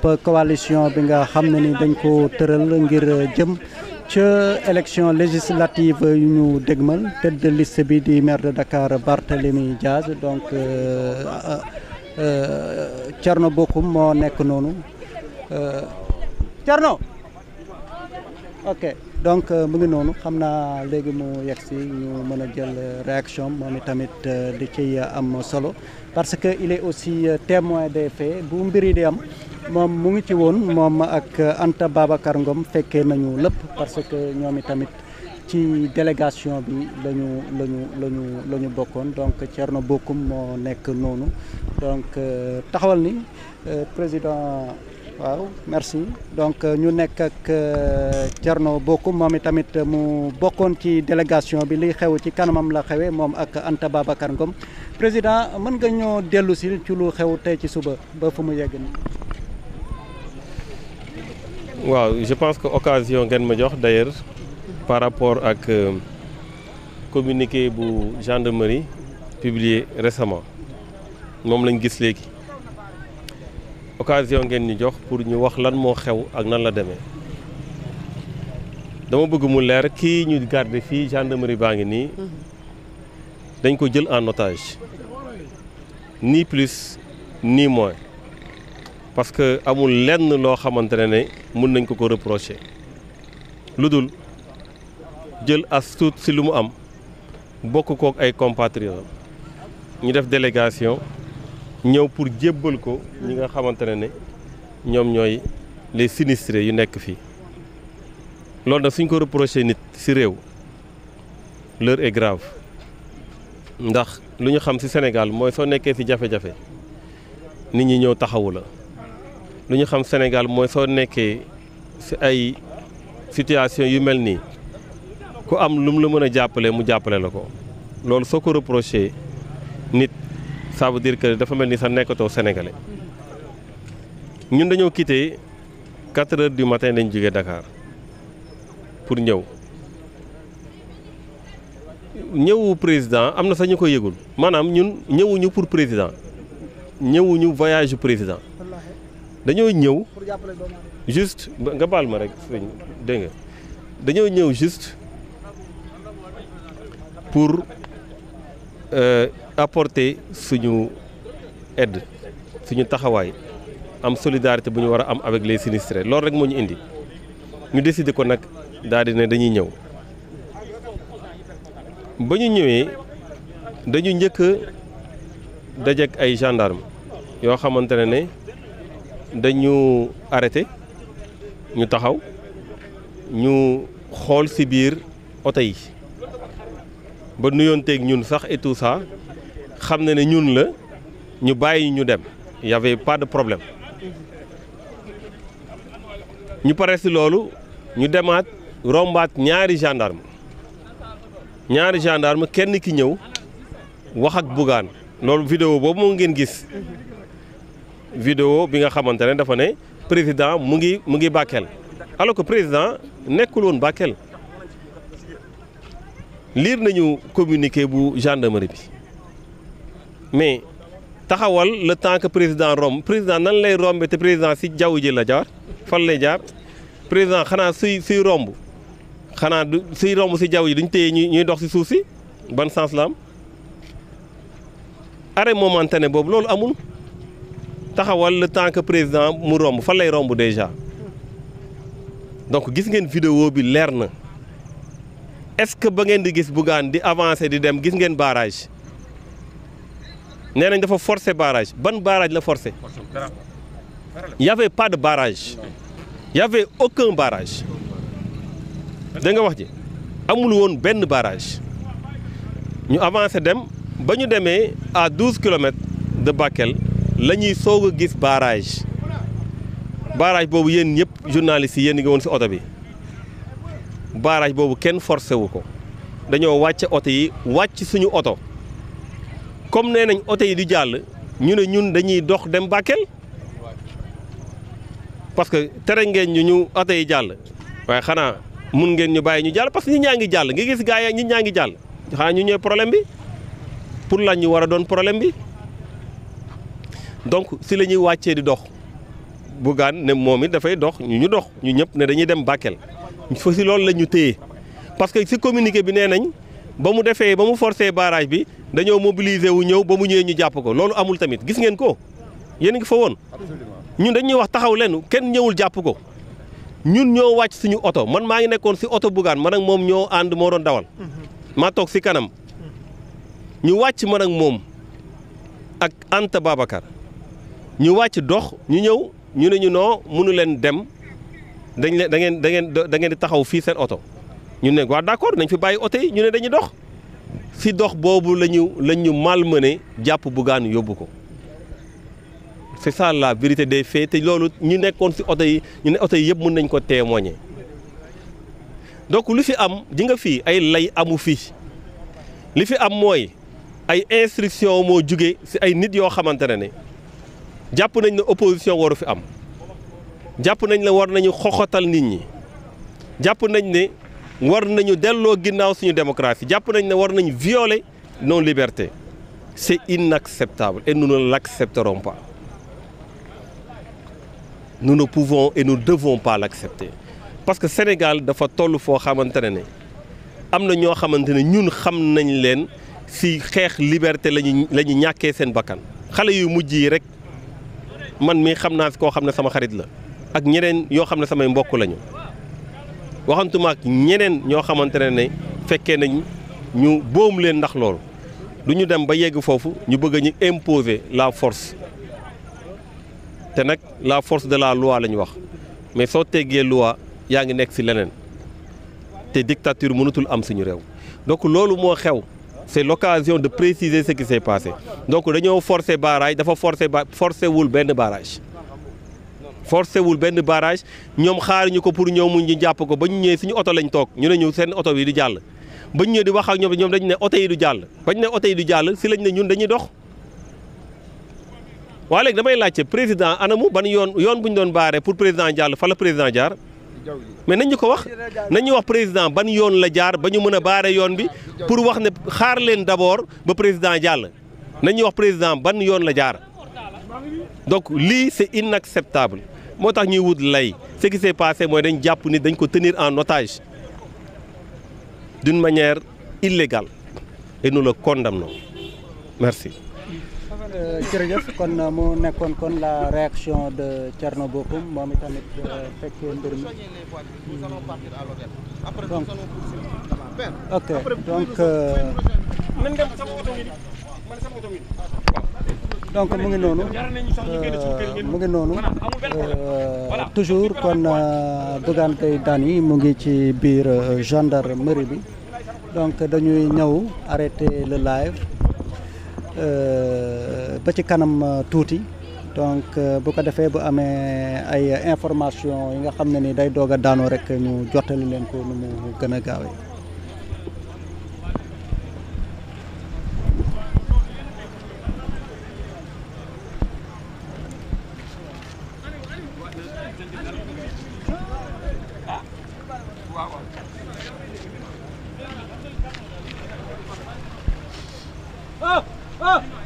coalition bi nga xam ne ni dañ ko tëral ngir jëm ca élection législative yu ñu dégmal tête de liste bi di maire de Dakar Barthélémy Diaz donc euh, euh, euh, Thierno Bocoum moo nekk noonu Thierno ok donc mu ngi noonu xam naa léegi mu yegg si ñu mën a jël réaction moom itamit di ciy am solo parce que il est aussi témoin des faits bu mbir yi di am moom mu ngi ci woon moom ak Anta Babacar Ngom fekkee nañu lépp parce que ñoom itamit ci délégation bi lañu lañu lañu la ñu bokkoon donc Thierno Bokum moo nekk noonu donc euh, taxawal ni euh, président waaw merci donc euh, ñu nekk ak Thierno Bokum moom itamit mu bokkoon ci délégation bi liy xew ci kanamam la xewee moom ak Anta Babacar Ngom président mën nga ñoo dellusi ci lu xew tey ci suba ba fu mu yegg nii waaw je pense que occasion ngeen ma jox d'ailleurs par rapport ak euh, communiqué bu gendarmerie publier resement moom lañ gis léegi occasion ngeen ñu jox pour ñu wax lan moo xew ak nan la demee dama bëgg mu leer kii ñu garde fii gendarmerie baa ngi nii mm-hmm. dañ ko jël en otage ni plus ni moins parce que amul lenn loo xamante ne ne mun nañ ko ko reprocher lu dul jël as tuut si lu mu am bokk kook ay compatriotes ñu def délégation ñëw pour jébbal ko ñi nga xamante ne ne ñoom ñooy les sinistrés yu nekk fii loolu nag suñ ko reprocher nit si réew l'heure est grave ndax lu ñu xam si Sénégal mooy soo nekkee si jafe-jafe nit ñi ñëw taxawu la lu ñu xam Sénégal mooy soo nekkee si ay situation yu mel nii ku am lu mu la mën a jàppale mu jàppale la ko loolu soo ko reproché nit ça veut dire que dafa mel ni sax nekkatoo sénégalais ñun dañoo quitté quatre heures du matin dañ jógee Dakar pour ñëw ñëwu président am na sax ñu ko yëgul maanaam ñun ñëwuñu pour président ñëwuñu voyage président dañoo ñëw juste nga baal ma rek dégg nga dañoo ñëw juste pour euh, apporter suñu edd suñu taxawaay am solidarité bu ñu war a am avec les sinistrés loolu rek moo ñu indi ñu décider ko nag daal ne dañuy ñëw ba ñu ñëwee dañu njëkk a dajeek ay gendarme yoo xamante ne ne. dañu arrêté ñu taxaw ñu xool ci biir oto yi ba nuyoonteeg ñun sax et tout xam na ne ñun la ñu bàyyi ñu dem y avait pas de problème ñu pare si loolu ñu demaat rombaat ñaari gendarme ñaari gendarme kenn ki ñëw wax ak Bougane loolu vidéo boobu moo ngeen gis vidéo bi nga xamante ne dafa ne président mu ngi mu ngi Bakel alors que président nekkul woon Bakel liir nañu communiqué bu gendarmerie bi mais taxawal le temps que président romb président nañ lay rombe te président si jaww ji la jaar fan lay jaar président xanaa suy suy romb xanaa du suy romb si jaww ji duñ téye ñuy dox si suuf si ban sens la am arrêt momentané boobu loolu amul. taxawal le que président mu romb fan romb déjà donc gis ngeen vidéo bi leer na est-ce que ba ngeen di gis bu Bougane di avancer di dem gis ngeen barrage nee nañ dafa forcer barrage ban barrage la forcer y pas de barrage y avait aucun barrage da nga wax ji amul woon benn barrage ñu avancer dem ba ñu demee à 12 kilomètres de Bakel la ñuy soog a gis barrage barrage boobu yéen ñëpp journalistes yi yéen ngi woon si oto bi barrage boobu kenn forcé wu ko dañoo wàcce oto yi wàcc suñu oto comme nee nañ oto yi di jàll ñu ne ñun dañuy dox dem Bakel parce que tere ngeen ñu ñu oto yi jàll waaye xanaa mun ngeen ñu bàyyi ñu jàll parce ñi ñaa ngi jàll nga gis gaa yi ñi ñaa ngi jàll xanaa ñu ñëw problème bi pour lan ñu war a doon problème bi donc si la ñuy wàccee di dox Bougane ne moom it dafay dox ñu ñu dox ñu ñëpp ne dañuy dem Bakel fa si loolu la ñu téye parce que si communiqué bi nee nañ ba mu defee ba mu forcé barrage bi dañoo mobiliser wu ñëw ba mu ñëwee ñu jàpp ko loolu amul tamit gis ngeen ko yéen ngi fa woon ñun dañuy wax taxaw leen kenn ñëwul jàpp ko ñun ñoo wàcc suñu oto man maa ngi nekkoon si oto Bougane man ak moom ñoo ànd moo doon dawal mhm. maa toog si kanam ñu wàcc man ak moom ak Anta Babacar ñu wàcc dox ñu ñëw ñu ne ñu noo mënu leen dem dañ leen da ngeen da ngeen da ngeen di taxaw fii seen oto ñu ne waa d'accord nañ fi bàyyi oto ñu ne dañuy dox si dox boobu la ñu la ñu malmené jàpp Bougane yóbbu ko c'est ça la vérité des faits te loolu ñu nekkoon si oto yi ñu ne oto yi yëpp mën nañ ko témoigner donc lu fi am ji nga fii ay lay amu fii li fi am mooy ay instruction moo juge si ay nit yoo xamante ne ne jàpp nañ ne opposition waru fi am jàpp nañ ne war nañu xoxotal nit ñi jàpp nañ ne war nañu delloo ginnaaw suñu démocratie jàpp nañ ne war nañu viole nos libertés c'est inacceptable et nous ne l'accepterons pas nous ne pouvons et nous ne pa pas l'accepter parce que Sénégal dafa toll foo xamante ne ne am na ñoo xamante ne ñun xam nañ leen ci xeex liberté lañu la ñu ñàkkee seen bakkan xale yu mujj yi rek man mii xam naa fi koo xam ne sama xarit la ak ñeneen yoo xam ne samay mbokk lañu waxantuma ak ñeneen ñoo xamante ne ne fekkee nañ ñu boom leen ndax loolu du ñu dem ba yegg foofu ñu bëgg ñu imposer la force te nag la force de la loi la ñu wax mais soo teggee loi yaa ngi nekk ci leneen te dictature mënatul am suñu réew donc loolu moo xew c'est l'occasion de préciser ce qui s'est passé donc dañoo forcer barrage dafa forcer ba forcer wul benn barrage forcé wul benn barrage ñoom ñu ko pour ñëw mu ñu jàpp ko ba ñu ñëwee suñu oto lañ toog ñu ne ñu seen oto bi du jàll ba ñu ñëwee di wax ak ñoom ñoom dañu ne oto yi du jàll ba ñu ne oto yi du jàll si lañ ne ñun dañuy dox waa léegi damay laajte président anamu ba yoon yoon bu ñu doon baaree pour président jàll fa la président jaar mais na ñu ko wax na ñu wax président ban yoon la jaar ba ñu mën a baare yoon bi pour wax ne xaar leen d'abord ba président jàll nañuy wax président ban yoon la jaar donc lii c'est inacceptable moo tax ñuy wut lay ce qui s'est mooy dañ jàpp ni dañ ko tenir en otage d'une manière illégale et nous le condamnons merci Euh, jërëjëf kon euh, mu nekkoon kon la réaction de Thierno Bocoum moom itamit euh, fekkee mbir mi donc ok donc mu ngi noonu mu ngi noonu toujours kon Bougane Gueye yi mu ngi ci biir gendarmerie bi donc dañuy ñëw arrêter le live. Euh, ba ci kanam euh, tuuti donc euh, bu ko defee bu amee ay information yi nga xam ne ni day doog a daanoo rek ñu jottali leen ko nu mu gën a gaawee. Ah! ah